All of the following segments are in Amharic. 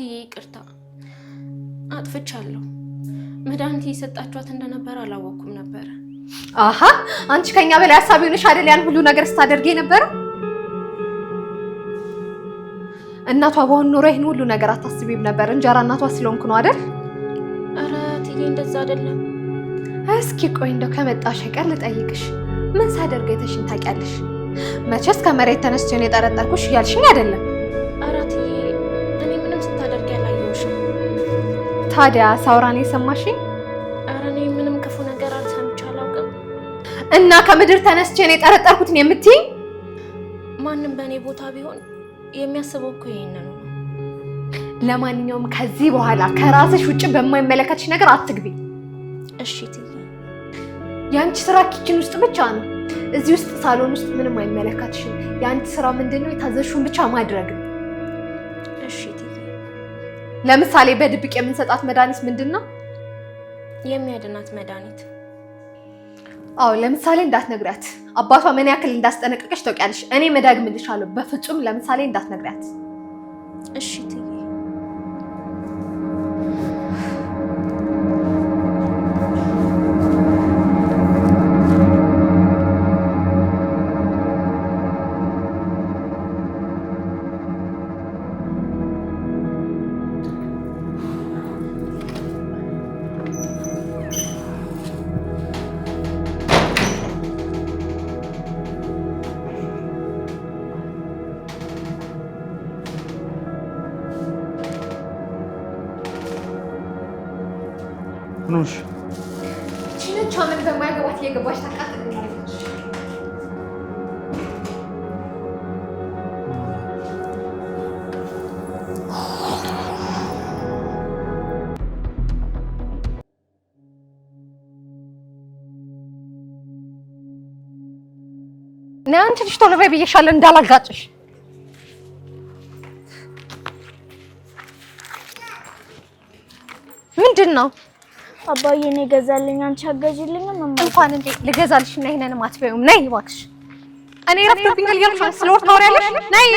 እትዬ ይቅርታ አጥፍቻለሁ። መድኃኒት እየሰጣችኋት እንደነበር አላወቅኩም ነበረ። አሀ አንቺ ከኛ በላይ ሀሳቢ ሆነሽ አይደል ያን ሁሉ ነገር ስታደርጊ ነበረ። እናቷ በሆን ኖሮ ይህን ሁሉ ነገር አታስቢም ነበር። እንጀራ እናቷ ስለሆንኩ ነው አይደል? ኧረ እትዬ እንደዛ አይደለም። እስኪ ቆይ እንደው ከመጣሽ ቀር ልጠይቅሽ፣ ምን ሳደርገ የተሽን ታውቂያለሽ? መቼስ ከመሬት ተነስቼ ነው የጠረጠርኩሽ እያልሽኝ አይደለም ታዲያ ሳውራኔ የሰማሽኝ? ኧረ እኔ ምንም ክፉ ነገር አልሰምቼ አላውቅም። እና ከምድር ተነስቼ ነው የጠረጠርኩትን የምትይኝ? ማንም በእኔ ቦታ ቢሆን የሚያስበው እኮ ይሄንን ነው። ለማንኛውም ከዚህ በኋላ ከራስሽ ውጭ በማይመለከትሽ ነገር አትግቢ። እሺ እትዬ፣ የአንቺ ስራ ኪችን ውስጥ ብቻ ነው። እዚህ ውስጥ ሳሎን ውስጥ ምንም አይመለከትሽም። የአንቺ ስራ ምንድን ነው? ብቻ ማድረግ ለምሳሌ በድብቅ የምንሰጣት መድኃኒት ምንድን ነው? የሚያድናት መድኃኒት። አዎ፣ ለምሳሌ እንዳትነግሪያት። አባቷ ምን ያክል እንዳስጠነቀቀች ታውቂያለሽ። እኔ መዳግምልሻለሁ። በፍጹም ለምሳሌ እንዳትነግሪያት። እሺ እና አንቺ ልጅ ቶሎ በይ ብዬሻለሁ እንዳላጋጭሽ። ምንድን ነው አባዬ? እኔ እገዛልኝ፣ አንቺ አገዥልኝም። እንኳን እንዴ ልገዛልሽ እና ይሄንንም አትበይውም። ነይ እባክሽ። እኔ ረፍቶብኛል እያልኩሽ ነው። ስለወር ታወሪያለሽ። ነይ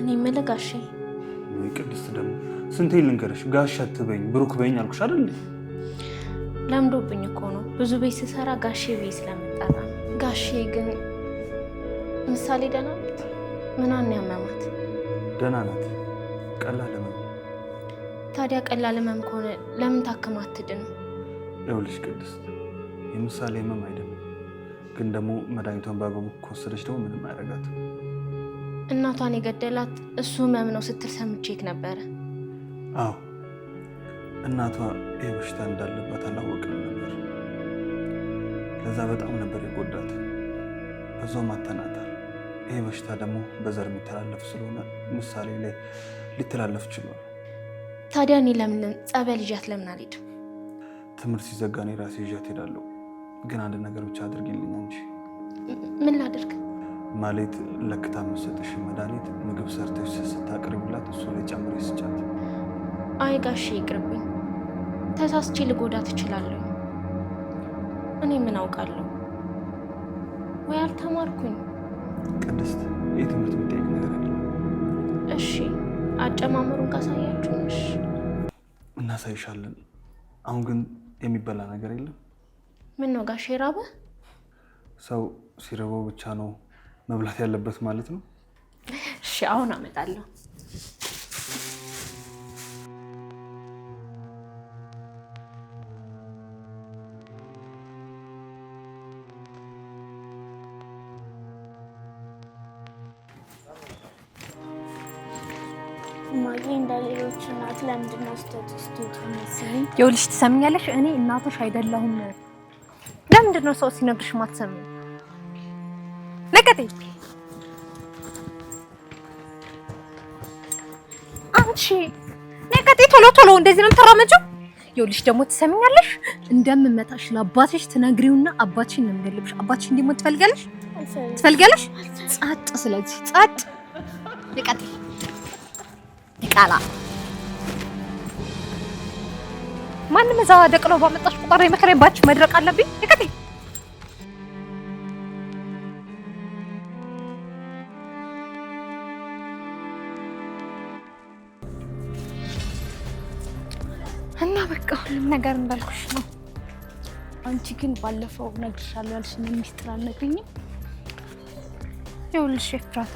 እኔ የምልህ ጋሼ ስንቴ ልንገርሽ ጋሽ አትበኝ ብሩክ በኝ አልኩሽ አይደል? ለምዶብኝ እኮ ነው። ብዙ ቤት ስሰራ ጋሼ ቤት ስለምጠራ ጋሼ ግን ምሳሌ ደህና ናት። ምኗን ያመማት? ደህና ናት። ቀላል ህመም። ታዲያ ቀላል ህመም ከሆነ ለምን ታክማ አትድን? ይኸውልሽ ቅድስት፣ የምሳሌ ህመም አይደለም። ግን ደግሞ መድኃኒቷን በአግባቡ ከወሰደች ደግሞ ምንም አያደርጋትም። እናቷን የገደላት እሱ ህመም ነው ስትል ሰምቼክ ነበረ። አዎ እናቷ ይህ በሽታ እንዳለባት አላወቅም ነበር። ለዛ በጣም ነበር የጎዳት። በዛውም አተናታል። ይህ በሽታ ደግሞ በዘር የሚተላለፍ ስለሆነ ምሳሌ ላይ ሊተላለፍ ችሏል። ታዲያ እኔ ለምን ጸበል ይዣት ለምን አልሄድም? ትምህርት ሲዘጋ እኔ ራሴ ይዣት ሄዳለሁ። ግን አንድ ነገር ብቻ አድርጊልኝ እንጂ። ምን ላድርግ? ማለት ለክታ መሰጥሽ መድኃኒት ምግብ ሰርተሽ ስታቅርብላት እሱ ላይ ጨምሬ ስጫት አይ ጋሼ ይቅርብኝ፣ ተሳስቼ ልጎዳ ትችላለሁ። እኔ ምን አውቃለሁ? ወይ አልተማርኩኝ። ቅድስት ይህ ትምህርት ነገር አለ። እሺ አጨማመሩን ካሳያችሁንሽ እናሳይሻለን። አሁን ግን የሚበላ ነገር የለም። ምን ነው ጋሼ ራበ? ሰው ሲረበው ብቻ ነው መብላት ያለበት ማለት ነው? እሺ አሁን አመጣለሁ። ለምንድን ነው ይኸውልሽ፣ ትሰሚኛለሽ፣ እኔ እናትሽ አይደለሁም። ለምንድን ነው ሰው ሲነግርሽ ማትሰሚ? ነቀጤ አንቺ ነቀጤ፣ ቶሎ ቶሎ እንደዚህ ነው የምትራመጪው? ይኸውልሽ ደግሞ ትሰሚኛለሽ፣ እንደምመጣሽ ለአባትሽ ትነግሪውና አባትሽን ነው የምገልብሽ። አባትሽ እንዲሞት ትፈልጋለሽ? ትፈልጋለሽ? ጸጥ። ስለዚህ ጸጥ። ለቀጤ ይቃላ ማንም እዛ ደቅለው ባመጣሽ ቁጥር የመከራዬን ባች መድረቅ አለብኝ። ይከቴ እና በቃ ሁሉም ነገር እንዳልኩሽ ነው። አንቺ ግን ባለፈው እነግርሻለሁ ያልሽኝ ሚስጥር አልነግሪኝም። ይኸውልሽ ኤፍራታ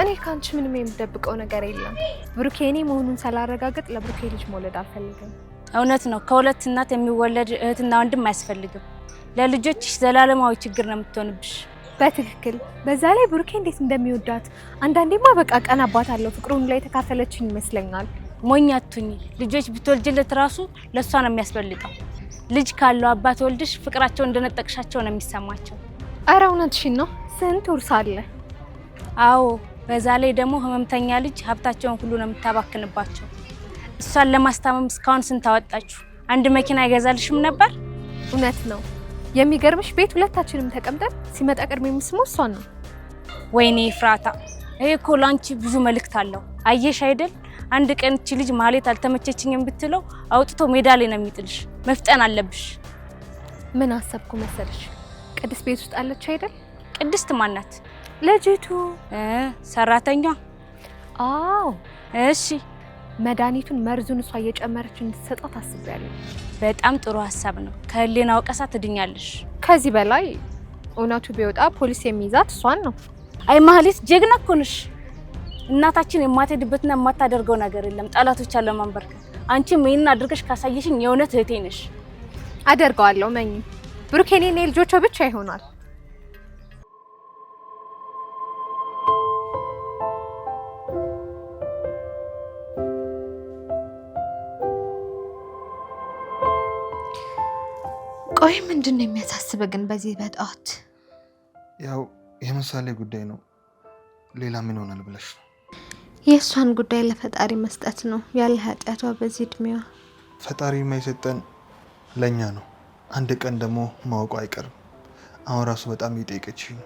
እኔ ከአንቺ ምንም የምደብቀው ነገር የለም። ብሩኬኒ መሆኑን ሳላረጋግጥ ለብሩኬ ልጅ መውለድ አልፈልግም። እውነት ነው። ከሁለት እናት የሚወለድ እህትና ወንድም አያስፈልግም። ለልጆችሽ ዘላለማዊ ችግር ነው የምትሆንብሽ። በትክክል በዛ ላይ ብሩኬ እንዴት እንደሚወዳት አንዳንዴማ በቃ ቀን አባት አለው ፍቅሩን ላይ የተካፈለችን ይመስለኛል። ሞኛቱኝ ልጆች ብትወልጅለት ራሱ ለእሷ ነው የሚያስፈልገው ልጅ ካለው አባት ወልድሽ ፍቅራቸው እንደነጠቅሻቸው ነው የሚሰማቸው። አረ እውነትሽን ነው። ስንት ውርስ አለ። አዎ በዛ ላይ ደግሞ ህመምተኛ ልጅ ሀብታቸውን ሁሉ ነው የምታባክንባቸው። እሷን ለማስታመም እስካሁን ስንት አወጣችሁ? አንድ መኪና አይገዛልሽም ነበር? እውነት ነው። የሚገርምሽ ቤት ሁለታችንም ተቀምጠን ሲመጣ ቅድሜ የምስመው እሷን ነው። ወይኔ ፍራታ፣ ይሄ እኮ ለአንቺ ብዙ መልእክት አለው። አየሽ አይደል? አንድ ቀን እቺ ልጅ ማሌት አልተመቸችኝም ብትለው አውጥቶ ሜዳ ላይ ነው የሚጥልሽ። መፍጠን አለብሽ። ምን አሰብኩ መሰልሽ? ቅድስት ቤት ውስጥ አለች አይደል? ቅድስት ማናት? ልጅቱ ሰራተኛ? አዎ። እሺ፣ መድኃኒቱን መርዙን እሷ እየጨመረች እንድትሰጣት ታስቢያለሁ። በጣም ጥሩ ሀሳብ ነው። ከህሊና ወቀሳ ትድኛለሽ። ከዚህ በላይ እውነቱ ቢወጣ ፖሊስ የሚይዛት እሷን ነው። አይ ማህሌት፣ ጀግና እኮ ነሽ። እናታችን የማትሄድበትና የማታደርገው ነገር የለም። ጠላቶች አለ ማንበርከት። አንቺም ይህንን አድርገሽ ካሳየሽኝ የእውነት እህቴ ነሽ። አደርገዋለሁ። መኝ ብሩኬኔ ልጆቿ ብቻ ይሆናል። ቆይ ምንድን ነው የሚያሳስበ ግን በዚህ በጠዋት? ያው የምሳሌ ጉዳይ ነው። ሌላ ምን ይሆናል ብለሽ ነው? የእሷን ጉዳይ ለፈጣሪ መስጠት ነው ያለ ኃጢአቷ በዚህ እድሜዋ። ፈጣሪ የማይሰጠን ለእኛ ነው። አንድ ቀን ደግሞ ማወቁ አይቀርም። አሁን ራሱ በጣም እየጠየቀች ነው።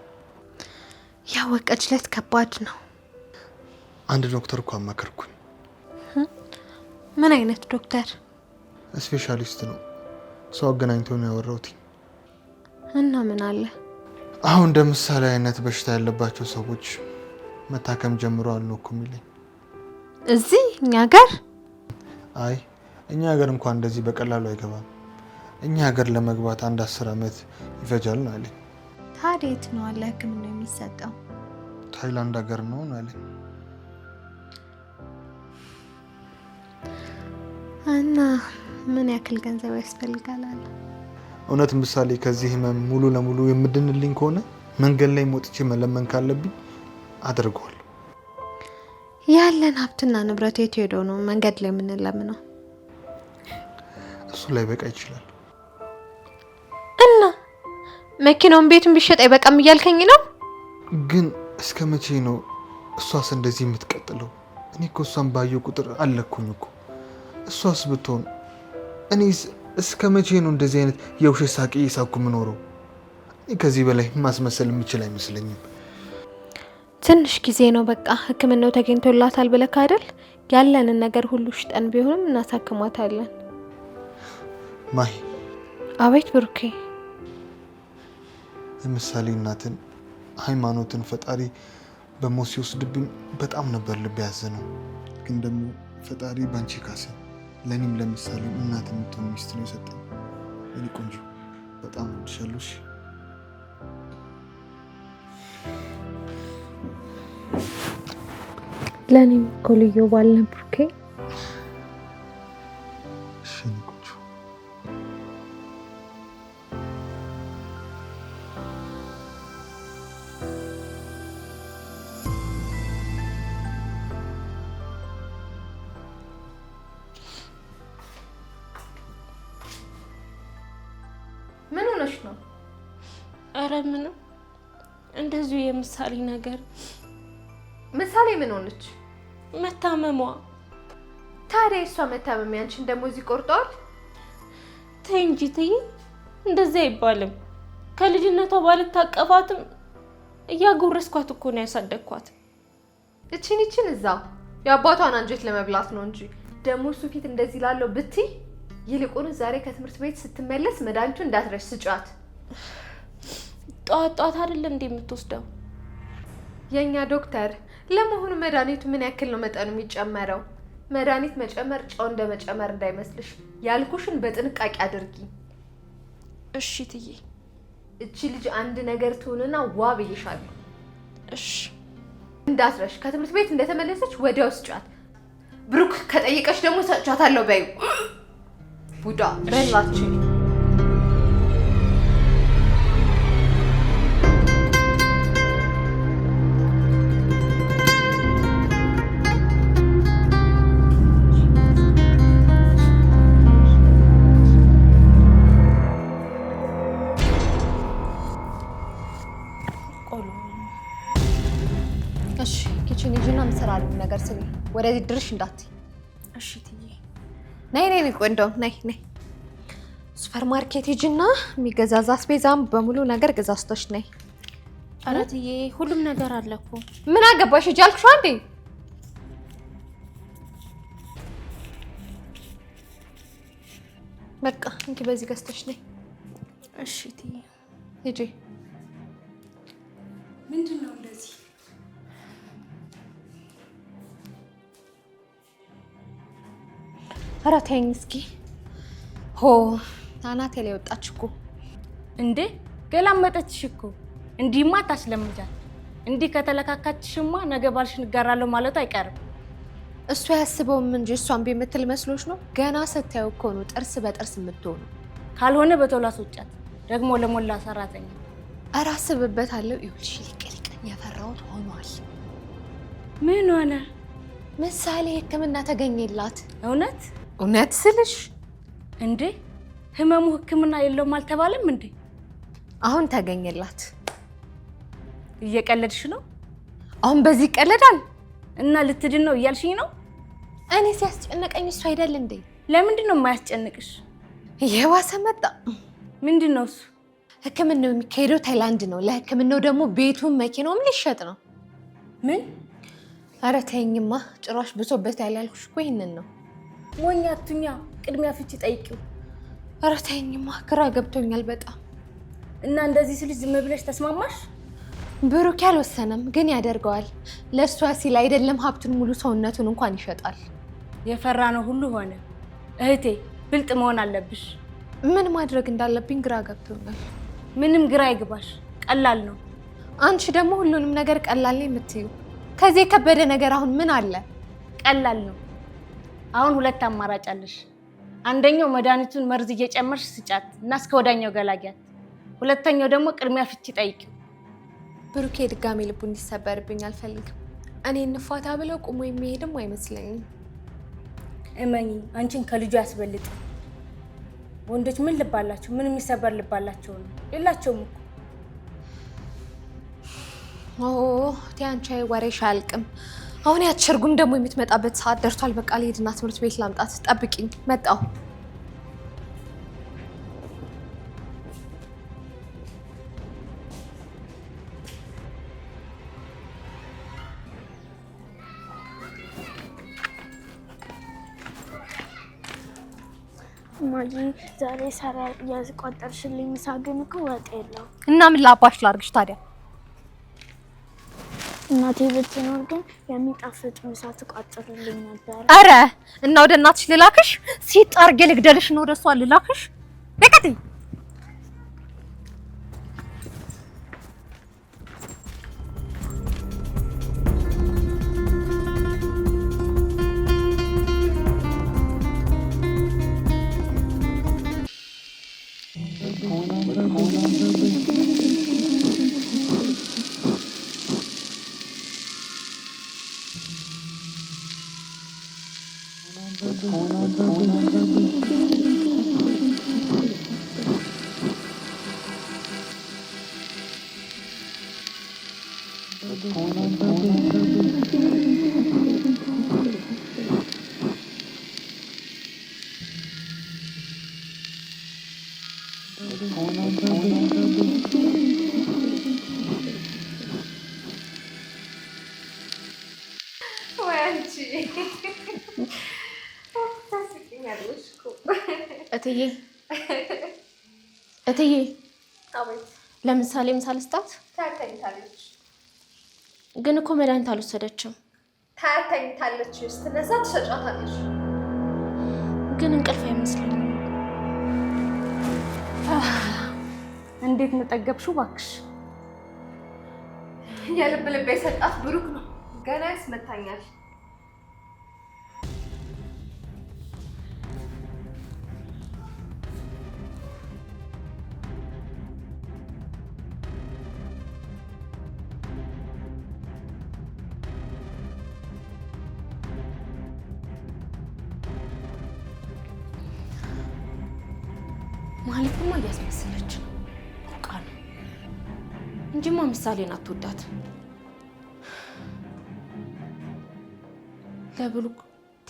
ያወቀችለት ከባድ ነው። አንድ ዶክተር እኮ አማከርኩኝ። ምን አይነት ዶክተር? ስፔሻሊስት ነው ሰው አገናኝቶ ነው ያወራሁት። እና ምን አለ አሁን እንደ ምሳሌ አይነት በሽታ ያለባቸው ሰዎች መታከም ጀምሮ ነው እኮ የሚለኝ። እዚህ እኛ ሀገር? አይ እኛ ሀገር እንኳን እንደዚህ በቀላሉ አይገባም። እኛ ሀገር ለመግባት አንድ አስር ዓመት ይፈጃል ነው አለኝ። ታዲያ የት ነው አለ ሕክምና የሚሰጠው? ታይላንድ ሀገር ነው አለኝ። እና ምን ያክል ገንዘብ ያስፈልጋል? እውነት ምሳሌ ከዚህ ህመም ሙሉ ለሙሉ የምድንልኝ ከሆነ መንገድ ላይ ወጥቼ መለመን ካለብኝ አድርገዋል። ያለን ሀብትና ንብረት የት ሄዶ ነው መንገድ ላይ የምንለምነው? እሱ ላይ በቃ ይችላል እና መኪናውን ቤቱን ቢሸጥ አይበቃም እያልከኝ ነው? ግን እስከ መቼ ነው እሷስ እንደዚህ የምትቀጥለው? እኔ እኮ እሷን ባየው ቁጥር አለኩኝ እኮ እሷስ ብትሆን እኔስ እስከ መቼ ነው እንደዚህ አይነት የውሸት ሳቂ እየሳኩ የምኖረው? ከዚህ በላይ ማስመሰል የምችል አይመስለኝም። ትንሽ ጊዜ ነው በቃ። ህክምናው ተገኝቶላታል ብለህ አይደል? ያለንን ነገር ሁሉ ሽጠን ቢሆንም እናሳክማታለን። ማይ አቤት ብሩኬ። ለምሳሌ እናትን፣ ሃይማኖትን ፈጣሪ በሞት ሲወስድብኝ በጣም ነበር ልብ ያዘ ነው። ግን ደግሞ ፈጣሪ ባንቺ ካሴ ለእኔም ለምሳሌ እናት የምትሆን ሚስት ነው የሰጠኝ። እኔ ቆንጆ በጣም ወድሻለሽ። ለእኔም እኮ ልዩ ባል ነበርኩ። ብለሽ ነው? አረ ምንም እንደዚሁ የምሳሌ ነገር። ምሳሌ ምን ሆነች? መታመሟ። ታዲያ እሷ መታመሚያ አንቺን ደግሞ እዚህ ቆርጠዋል? ተይ እንጂ ትይ፣ እንደዚህ አይባልም። ከልጅነቷ ባልታቀፋትም እያጎረስኳት እኮ ነው ያሳደግኳት። እችን ይችን እዛው የአባቷን አንጀት ለመብላት ነው እንጂ ደግሞ እሱ ፊት እንደዚህ ላለው ብትይ ይልቁን ዛሬ ከትምህርት ቤት ስትመለስ መድኃኒቱ እንዳትረሽ ስጫት። ጧት ጧት አይደለም እንዴ የምትወስደው? የእኛ ዶክተር፣ ለመሆኑ መድኃኒቱ ምን ያክል ነው መጠኑ የሚጨመረው? መድኃኒት መጨመር ጨው እንደ መጨመር እንዳይመስልሽ። ያልኩሽን በጥንቃቄ አድርጊ እሺ ትዬ። እቺ ልጅ አንድ ነገር ትሆንና ዋ ብዬሻለሁ። እሺ እንዳትረሽ። ከትምህርት ቤት እንደተመለሰች ወዲያው ስጫት። ብሩክ ከጠየቀች ደግሞ ሰጫታለሁ በይው። ቡዳ በላችን። እሺ ኪችን ሂጂና የምትሰራልኝ ነገር ስሚ። ወደዚህ ድርሽ እንዳትይ እሺ ትዬ ነይ ነይ ቆንጆም ነይ ነይ ሱፐር ማርኬት ሂጂና የሚገዛዛ አስቤዛም በሙሉ ነገር ገዛዝቶሽ ነይ። ኧረ ትዬ ሁሉም ነገር አለ እኮ ምን አገባሽ? ሂጂ አልኩሽ አንዴ። በቃ እንኪ በዚህ ገዝተሽ ነይ። እሺ ትዬ ሂጂ። ምንድን ነው እንደዚህ ኧረ ተይኝ እስኪ። ሆ አናቴ ላይ ወጣች እኮ እንዴ! ገላመጠችሽ እኮ። እንዲህማ ታስለምጃል። እንዲህ ከተለካካችሽማ ነገ ባልሽን እጋራለሁ ማለቱ አይቀርም። እሱ ያስበውም እንጂ እሷን የምትል መስሎች ነው። ገና ስታየው እኮ ነው ጥርስ በጥርስ የምትሆኑ። ካልሆነ በቶሎ አስወጫት። ደግሞ ለሞላ ሰራተኛ ኧረ አስብበታለሁ። ይኸውልሽ ሊቅሊቅን የፈራሁት ሆኗል። ምን ሆነ? ምሳሌ ሕክምና ተገኘላት። እውነት እውነት ስልሽ እንዴ ህመሙ ህክምና የለውም አልተባለም እንዴ? አሁን ተገኘላት። እየቀለድሽ ነው? አሁን በዚህ ይቀለዳል? እና ልትድን ነው እያልሽኝ ነው? እኔ ሲያስጨነቀኝ እሱ አይደል እንዴ? ለምንድን ነው የማያስጨንቅሽ? የባሰ መጣ። ምንድን ነው እሱ? ህክምናው የሚካሄደው ታይላንድ ነው። ለህክምናው ደግሞ ቤቱን መኪናውም ሊሸጥ ነው። ምን? ኧረ ተይኝማ፣ ጭራሽ ብሶበት ያላልኩሽ እኮ ይህንን ነው ሞኛ አቱኛ ቅድሚያ ፍቺ ጠይቂው። ኧረ ተይኝማ ግራ ገብቶኛል በጣም እና እንደዚህ ስልሽ ዝም ብለሽ ተስማማሽ? ብሩክ ያልወሰነም ግን ያደርገዋል። ለእሷ ሲል አይደለም ሀብቱን ሙሉ ሰውነቱን እንኳን ይሸጣል። የፈራ ነው ሁሉ ሆነ። እህቴ ብልጥ መሆን አለብሽ። ምን ማድረግ እንዳለብኝ ግራ ገብቶኛል። ምንም ግራ ይግባሽ፣ ቀላል ነው። አንቺ ደግሞ ሁሉንም ነገር ቀላል ነው የምትዩ። ከዚህ የከበደ ነገር አሁን ምን አለ? ቀላል ነው አሁን ሁለት አማራጭ አለሽ። አንደኛው መድኃኒቱን መርዝ እየጨመርሽ ስጫት እና እስከ ወዳኛው ገላጊያት። ሁለተኛው ደግሞ ቅድሚያ ፍቺ ጠይቂው። ብሩኬ ድጋሜ ልቡ እንዲሰበርብኝ አልፈልግም። እኔ እንፋታ ብለው ቁሞ የሚሄድም አይመስለኝም። እመኝ አንቺን ከልጁ ያስበልጥ። ወንዶች ምን ልባላቸው ምን የሚሰበር ልባላቸው ነው የላቸውም እኮ ቲያንቻ። ወሬሻ ወሬሽ አያልቅም። አሁን ያች እርጉም ደግሞ የምትመጣበት ሰዓት ደርሷል። በቃ ልሄድና ትምህርት ቤት ላምጣት። ጠብቂኝ፣ መጣሁ። ማጊ ዛሬ ሰራ ያስቆጠርሽልኝ ሳግን እኮ ወጥ የለው እና ምን ላባሽ ላርግሽ ታዲያ? እናቴ ብትኖር ግን የሚጣፍጥ ምሳ ትቋጥርልኝ ነበር። አረ እና ወደ እናትሽ ልላክሽ? ሲጣርጌ ልግደልሽ ነው ወደ እሷ ልላክሽ? ነቀጥይ እትዬ እትዬ ለምሳሌ ምሳ ልስጣት። ግን እኮ መድኃኒት አልወሰደችም። ታያተኝታለች። ስትነሳ ትሰጫታለች። ግን እንቅልፍ አይመስለኝም። እንዴት እንጠገብሽው እባክሽ። የልብ ልብ የሰጣት ብሩክ ነው። ገና ያስመታኛል። ማለትማ እያስመሰለች ነው ቁቃ ነው እንጂማ ምሳሌን አትወዳት። ለብሩክ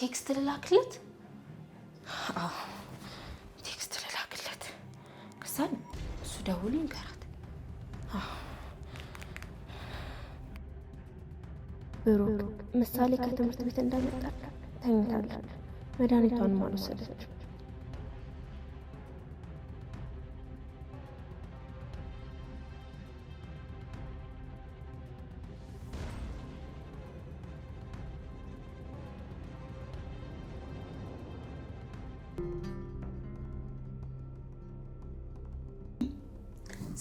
ቴክስት ልላክለት፣ ቴክስት ልላክለት። ክሳን እሱ ደውሎ ይንገራት። ብሩክ ምሳሌ ከትምህርት ቤት እንደመጣ ተኝታለች። መድኃኒቷንም አልወሰደችም።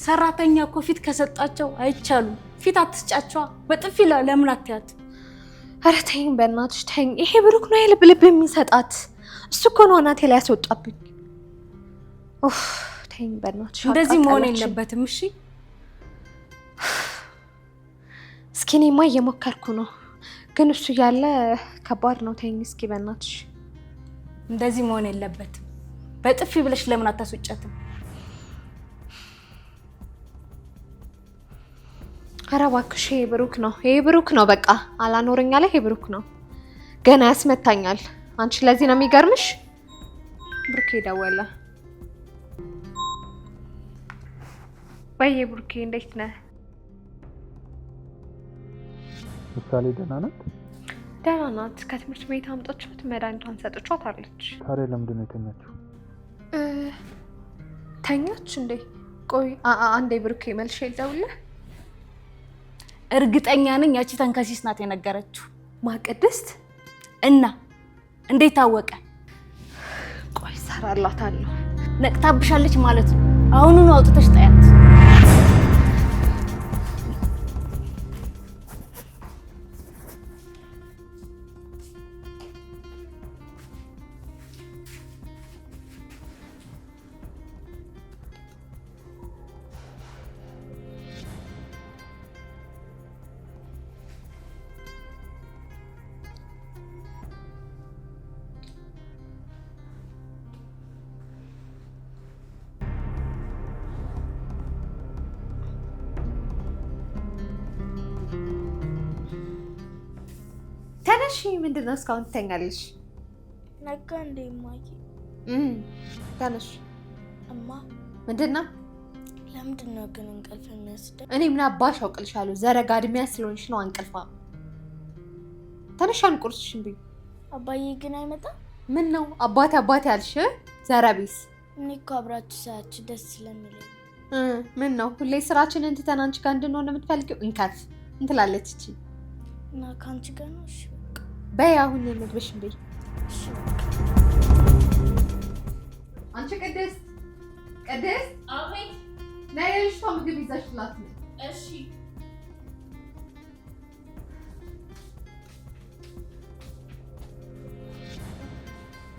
ሰራተኛ እኮ ፊት ከሰጣቸው አይቻሉም። ፊት አትስጫቸዋ። በጥፊ ለምን አትያት? ኧረ ተይኝ በእናትሽ ተይኝ። ይሄ ብሩክ ነው ልብ ልብ የሚሰጣት እሱ እኮ ነው እናቴ ላይ ያስወጣብኝ። ተይኝ በእናትሽ፣ እንደዚህ መሆን የለበትም። እሺ እስኪ እኔማ እየሞከርኩ ነው፣ ግን እሱ ያለ ከባድ ነው። ተይኝ እስኪ በእናትሽ፣ እንደዚህ መሆን የለበትም። በጥፊ ብለሽ ለምን አታስወጫትም? ኧረ እባክሽ ይሄ ብሩክ ነው፣ ይሄ ብሩክ ነው። በቃ አላኖረኛ ላይ ይሄ ብሩክ ነው። ገና ያስመታኛል። አንቺ ለዚህ ነው የሚገርምሽ። ብሩኬ ደወለ። ወይዬ ብሩኬ እንዴት ነህ? ምሳሌ ደህና ናት? ደህና ናት። ከትምህርት ቤት አምጦቻት መድኃኒቷን ሰጥቻት አለች። ታዲያ ለምንድን ነው የተኛችው? ተኛች እንዴ? ቆይ አንዴ ብሩኬ መልሼ ልደውልልህ እርግጠኛ ነኝ ያቺ ተንከሲስ ናት የነገረችው። ማቅድስት እና እንዴት ታወቀ? ቆይ ሰራላታለሁ። ነቅታብሻለች ማለት ነው። አሁኑን አውጥተሽ ጣያ ኧረ እሺ፣ ምንድን ነው እስካሁን ትተኛለሽ? ነጋ እንደ ማየ ተነሽ። እማ ምንድን ነው? ለምንድን ነው ግን እንቅልፍ የሚያስደኝ? እኔ ምን አባሽ አውቅልሻለሁ። ዘረጋድሚያ ስለሆንሽ ነው አንቀልፋ። ተነሽ፣ አንቁርስሽ ብይ። አባዬ ግን አይመጣም? ምን ነው አባቴ አባቴ አልሽ? ዘረቢስ እኔ እኮ አብራችሁ ሰያችሁ ደስ ስለሚለኝ ምን ነው ሁሌ ስራችንን ትተን አንቺ ጋር እንድንሆን የምትፈልጊው? እንካት እንትላለች እቺ እና ከአንቺ ጋር ነው በይ አሁን ምግብሽን በይ። አንቺ ቅድስት ቅድስት፣ አቤት። ነይ ልጅቷ ምግብ ይዘሽላት። እሺ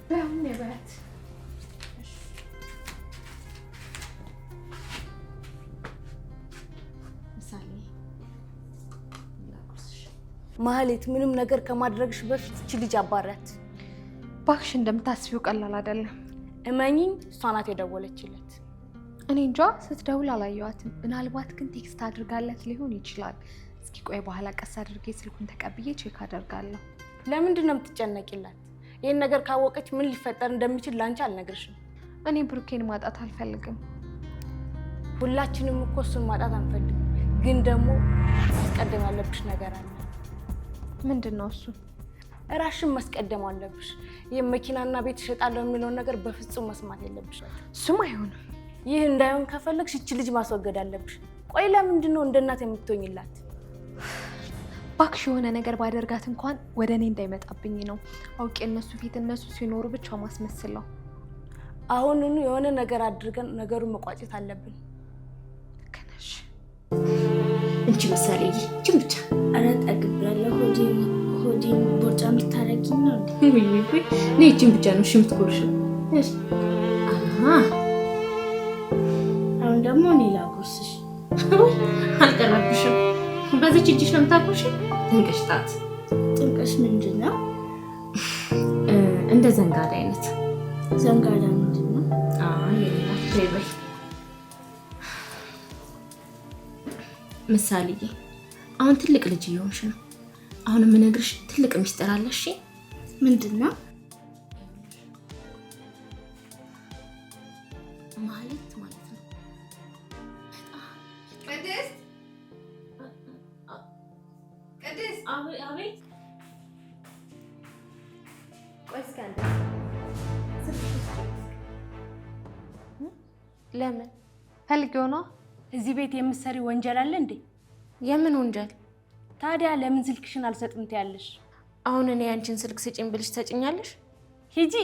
በይ አሁን የበያት ማህሌት፣ ምንም ነገር ከማድረግሽ በፊት እች ልጅ አባሪያት። እባክሽ እንደምታስቢው ቀላል አይደለም። እመኚኝ፣ እሷ ናት የደወለችለት። እኔ እንጃ ስትደውል አላየዋትም። ምናልባት ግን ቴክስት አድርጋለት ሊሆን ይችላል። እስኪ ቆይ በኋላ ቀስ አድርጌ ስልኩን ተቀብዬ ቼክ አደርጋለሁ። ለምንድን ነው የምትጨነቂላት? ይህን ነገር ካወቀች ምን ሊፈጠር እንደሚችል ላንቺ አልነግርሽም። እኔ ብሩኬን ማጣት አልፈልግም። ሁላችንም እኮ እሱን ማጣት አንፈልግም፣ ግን ደግሞ ማስቀደም ያለብሽ ነገር አለ ምንድን ነው እሱ? ራሽን ማስቀደም አለብሽ። መኪናና ቤት እሸጣለሁ የሚለውን ነገር በፍጹም መስማት የለብሽ። እሱም አይሆንም። ይህ እንዳይሆን ከፈለግሽ ይች ልጅ ማስወገድ አለብሽ። ቆይ ለምንድን ነው እንደ እናት የምትሆኝላት? ባክሽ የሆነ ነገር ባደርጋት እንኳን ወደ እኔ እንዳይመጣብኝ ነው አውቄ እነሱ ፊት እነሱ ሲኖሩ ብቻ ማስመስለው። አሁኑኑ የሆነ ነገር አድርገን ነገሩን መቋጨት አለብን። ልክ ነሽ። አንቺ ምሳሌ ይቺ ብቻ አረ ጠግቤያለሁ። ሆዴን ቦርጫ የምታረጊኝ ነው ይችን ብቻ ነው እሺ የምትጎርሺው። አሁን ደግሞ እኔ ላጎርስሽ። አልቀረብሽም። በዚች እጅሽ ነው የምታጎርሺው። ጥንቅሽ ጣት ጥንቅሽ ምንድን ነው? እንደ ዘንጋዳ አይነት ዘንጋዳ ነው ምሳሌዬ አሁን ትልቅ ልጅ እየሆንሽ ነው። አሁን የምነግርሽ ትልቅ ሚስጥር አለ። እሺ ምንድን ነው? ማለት ማለት ነው። ቅድስት ቅድስት፣ ለምን ፈልጌው ነው እዚህ ቤት የምትሰሪ ወንጀል አለ እንዴ? የምን ወንጀል ታዲያ? ለምን ስልክሽን አልሰጥም ትያለሽ? አሁን እኔ ያንቺን ስልክ ስጭኝ ብልሽ ሰጭኛለሽ? ሂጂ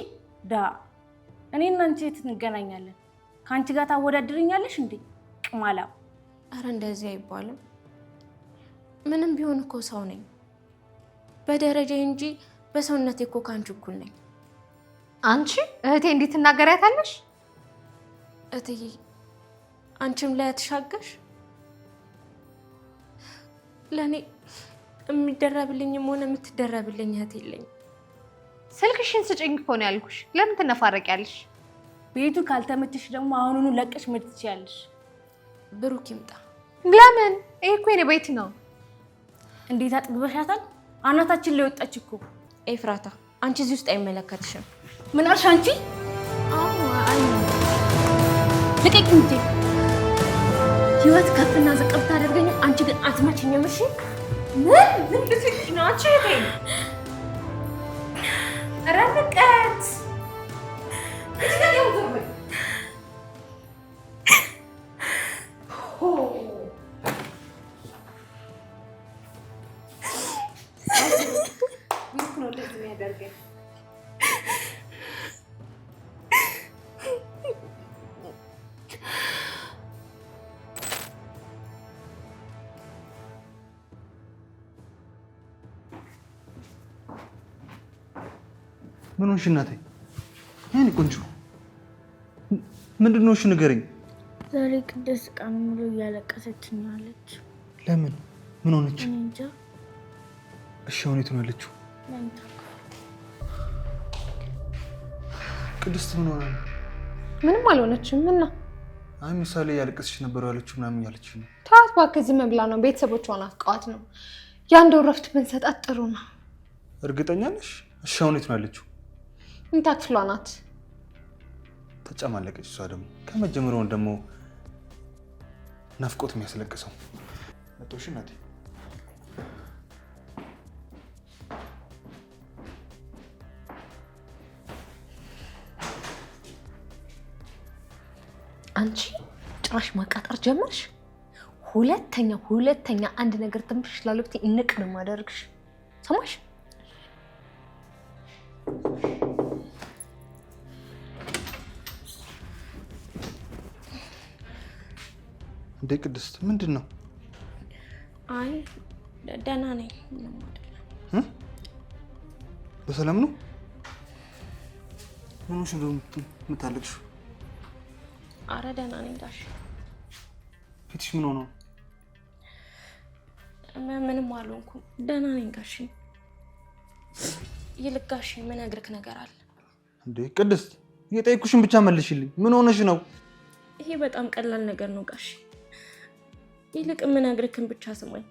ዳ እኔ እና አንቺ የት እንገናኛለን? ከአንቺ ጋር ታወዳድርኛለሽ እንዴ? ቅማላ። አረ እንደዚህ አይባልም። ምንም ቢሆን እኮ ሰው ነኝ። በደረጃ እንጂ በሰውነቴ እኮ ከአንቺ እኩል ነኝ። አንቺ እህቴ እንዴት ትናገሪያታለሽ? እትዬ አንቺም ላይ አትሻገሽ። ለእኔ የሚደረብልኝም ሆነ የምትደረብልኝ እህት የለኝም። ስልክሽን ስጭኝ እኮ ነው ያልኩሽ። ለምን ትነፋረቂያለሽ? ቤቱ ካልተመቸሽ ደግሞ አሁኑኑ ለቀሽ መሄድ ትችያለሽ። ብሩክ ይምጣ። ለምን? ይሄ እኮ የኔ ቤት ነው። እንዴት ያታል? አናታችን ላይ ወጣች እኮ። ኤፍራታ፣ አንቺ እዚህ ውስጥ አይመለከትሽም። ምን አልሽ አንቺ? ልቀቂ እንጂ ህይወት ከፍና ዝቅ ብታደርገኝ፣ አንቺ ግን አትመችኝም። እሺ ምን ምን ልትይ ነው አንቺ? እህቴ ምን ሆንሽ እናቴ? የእኔ ቆንጆ ምንድን ነው? እሺ ንገረኝ። ዛሬ ቅድስት ቀን ሙሉ እያለቀሰችኝ አለች። ለምን? ምን ሆነች? እንጃ። እሺ አሁን የት ነው ያለችው? ቅድስት ምን ሆነ? ምንም አልሆነችም። እና አይ ምሳሌ እያለቀሰች ነበር ያለችው ምናምን ያለች ነው። ተዋት እባክህ፣ ዝም ብላ ነው። ቤተሰቦቿን አትቀዋት ነው። የአንድ ወር እረፍት ብንሰጣት ጥሩ ነው። እርግጠኛ ነሽ? እሺ አሁን የት ነው ያለችው? ምታ ክፍሏ ናት። ተጨማለቀች። እሷ ደግሞ ከመጀመሪያውን ደግሞ ናፍቆት የሚያስለቅሰው መቶሽ ናት። አንቺ ጭራሽ ማቃጠር ጀመርሽ። ሁለተኛ ሁለተኛ አንድ ነገር ትንሽ ላሎብቲ እንቅ ነው የማደርግሽ። ሰማሽ? እንዴ ቅድስት ምንድን ነው? አይ ደህና ነኝ። በሰላም ነው? ምንሽ የምታለቅሽ? አረ ደህና ነኝ ጋሽ። ፊትሽ ምን ሆነ? ምንም አልሆንኩም ደህና ነኝ ጋሽ። ይልቅ ጋሽ ያግርክ ነገር አለ። እንዴ ቅድስት፣ የጠየኩሽን ብቻ መልሽልኝ። ምን ሆነሽ ነው? ይሄ በጣም ቀላል ነገር ነው ጋሽ ይልቅ የምነግርህን ብቻ ስማኝ።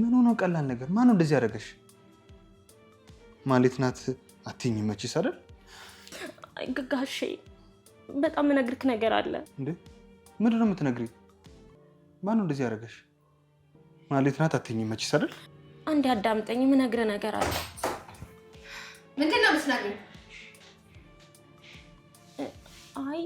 ምን ሆነው? ቀላል ነገር። ማነው እንደዚህ ያደረገሽ? ማለት ናት አትይኝ መችስ አይደል? ጋሼ በጣም የምነግርህ ነገር አለ። እንዴ ምንድን ነው የምትነግሪኝ? ማነው እንደዚህ ያደረገሽ? ማለት ናት አትይኝ መችስ አይደል? አንዴ አዳምጠኝ፣ የምነግርህ ነገር አለ። ምንድን ነው የምትነግሪኝ? አይ